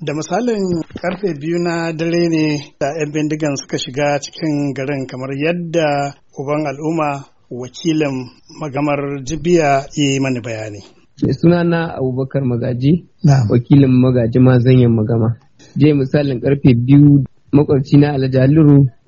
Da misalin karfe biyu na dare ne da 'yan bindigan suka shiga cikin garin kamar yadda uban al'umma wakilin magamar jibiya ya yi mani bayani. Eh, sunana Abubakar Magaji, wakilin magaji ma mazanyan magama. Je misalin karfe biyu makwabci na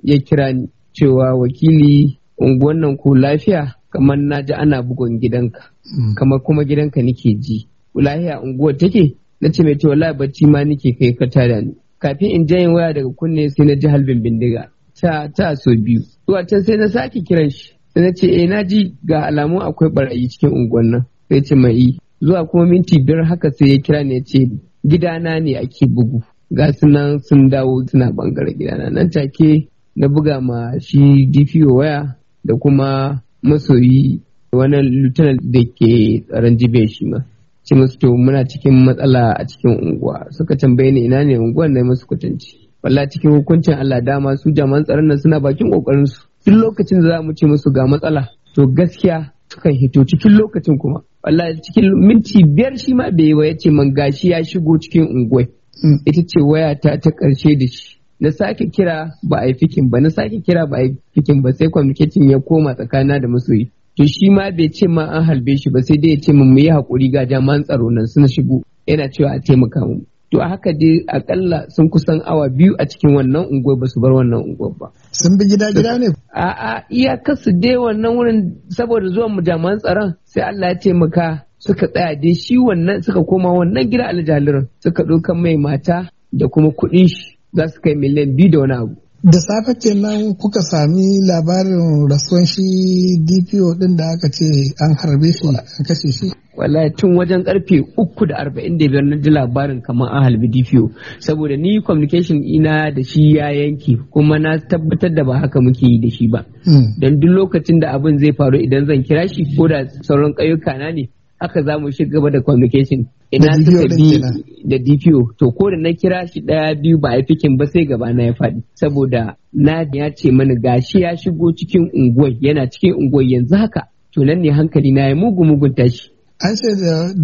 ya kira cewa wakili unguwannan nan ko lafiya kamar na ji ana bugon gidanka, hmm. kamar kuma gidanka nake ji. Lahiya unguwar take? na ce mai to wallahi bacci ma nike kai ka tada ni kafin in jayin waya daga kunne sai na ji halbin bindiga ta ta so biyu zuwa can sai na sake kiran shi sai na ce eh na ji ga alamu akwai barayi cikin unguwan nan sai ce mai eh. zuwa kuma minti biyar haka sai ya kira ne ya ce gidana ne ake bugu ga sunan sun dawo suna bangare gidana nan take na buga ma shi DPO waya da kuma masoyi wani lieutenant da ke tsaron jibe shi ma ce musu to muna cikin matsala a cikin unguwa suka tambaye ni ina ne unguwar na musu kwatanci wallahi cikin hukuncin Allah dama su jaman tsaron nan suna bakin kokarin su duk lokacin da za mu ce musu ga matsala to gaskiya sukan hito cikin lokacin kuma wallahi cikin minti biyar shi ma bai wa yace man gashi ya shigo cikin unguwai ita ce wayata ta karshe da shi na sake kira ba a fikin ba na sake kira ba a yi fikin ba sai kwamitin ya koma tsakana da masoyi to shi ma bai ce ma an halbe shi ba sai dai ya ce mu yi hakuri ga jami'an tsaro nan suna shigo yana cewa a taimaka mu to a haka dai akalla sun kusan awa biyu a cikin wannan unguwar ba su bar wannan unguwar ba sun bi gida gida ne a a iya kasu dai wannan wurin saboda zuwan mu jami'an tsaron sai Allah ya taimaka suka tsaya dai shi wannan suka koma wannan gida aljalirin suka ɗaukan mai mata da kuma kuɗin shi za su kai miliyan biyu da wani abu da safe kenan kuka sami labarin rasuwan shi dpo din da aka ce an harbe shi an kashe shi wallahi tun wajen karfe uku da arba'in na ji labarin kamar an halbi dpo saboda ni communication ina da shi ya yanki kuma na tabbatar da ba haka muke yi da shi ba hmm. don duk lokacin da abin zai faru idan zan kira shi ko da sauran ƙauyuka na ne aka za mu gaba da communication ina suka bi da DPO to ko da na kira shi daya biyu ba a fikin ba sai gaba na ya faɗi saboda na ya ce mana gashi ya shigo cikin unguwar yana cikin unguwar yanzu haka to nan ne hankali na ya mugu mugun tashi an ce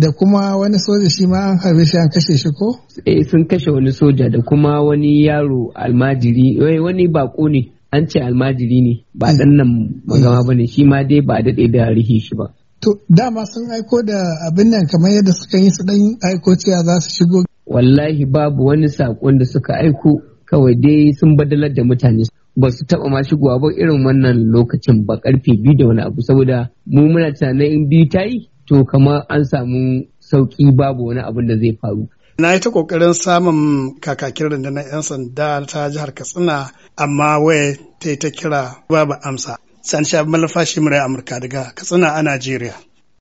da kuma wani soja shi ma an harbe shi an kashe shi ko? eh sun kashe wani soja da kuma wani yaro almajiri eh, wani bako ne an ce almajiri ne ba dan hmm. nan magama bane shi ma dai ba daɗe da rihi shi ba To dama sun aiko da abin nan kamar yadda suka yi su dan aiko cewa za su shigo. Wallahi babu wani saƙon da suka aiko kawai dai sun badalar da mutane ba su taɓa ma shigowa ba irin wannan lokacin ba karfe biyu da wani abu saboda mu muna tunanin in biyu ta yi to kamar an samu sauƙi babu wani abin da zai faru. Na yi ta ƙoƙarin samun kakakin rundunar 'yan sanda ta jihar Katsina amma waya ta yi ta kira babu amsa. Sani Shabi Malafashi Murai Amurka daga Katsina a Najeriya.